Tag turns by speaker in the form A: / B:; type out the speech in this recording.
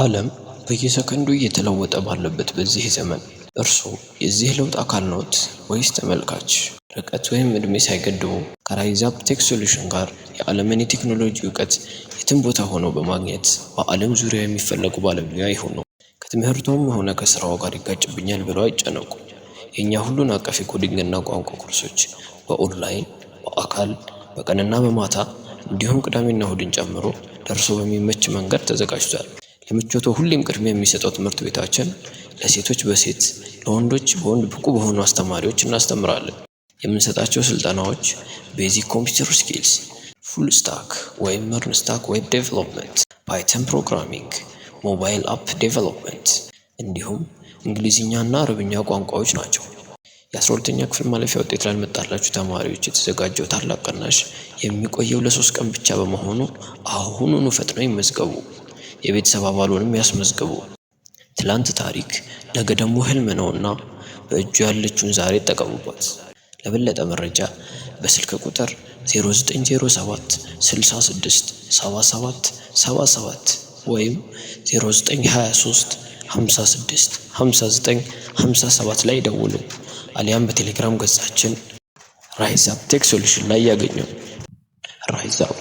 A: ዓለም በየሰከንዱ እየተለወጠ ባለበት በዚህ ዘመን እርስዎ የዚህ ለውጥ አካል ነዎት ወይስ ተመልካች? ርቀት ወይም ዕድሜ ሳይገድቡ ከራይዛፕ ቴክ ሶሉሽን ጋር የዓለምን የቴክኖሎጂ እውቀት የትም ቦታ ሆነው በማግኘት በዓለም ዙሪያ የሚፈለጉ ባለሙያ ይሁኑ። ከትምህርቶም ሆነ ከሥራው ጋር ይጋጭብኛል ብለው አይጨነቁ። የእኛ ሁሉን አቀፍ የኮዲንግና ቋንቋ ኮርሶች በኦንላይን፣ በአካል፣ በቀንና በማታ እንዲሁም ቅዳሜና እሁድን ጨምሮ ደርሶ በሚመች መንገድ ተዘጋጅቷል። ለምቾቶ ሁሌም ቅድሚያ የሚሰጠው ትምህርት ቤታችን ለሴቶች በሴት ለወንዶች በወንድ ብቁ በሆኑ አስተማሪዎች እናስተምራለን። የምንሰጣቸው ስልጠናዎች ቤዚክ ኮምፒውተር ስኪልስ፣ ፉል ስታክ ወይም መርን ስታክ ዌብ ዴቨሎፕመንት፣ ፓይተን ፕሮግራሚንግ፣ ሞባይል አፕ ዴቨሎፕመንት እንዲሁም እንግሊዝኛና አረብኛ ቋንቋዎች ናቸው። 12 ክፍል ማለፊያ ውጤት ላልመጣላችሁ ተማሪዎች የተዘጋጀው ታላቅ ቅናሽ የሚቆየው ለሶስት ቀን ብቻ በመሆኑ አሁኑኑ ፈጥነው ይመዝገቡ። የቤተሰብ አባሉንም ያስመዝግቡ። ትላንት ታሪክ ነገ ደግሞ ህልም ነውና በእጁ ያለችውን ዛሬ ይጠቀሙባት። ለበለጠ መረጃ በስልክ ቁጥር 0907 66 77 77 ወይም 0923 56 59 57 ላይ ደውሉ። አሊያም በቴሌግራም ገጻችን ራይዛፕ ቴክ ሶሉሽን ላይ ያገኙ። ራይዛፕ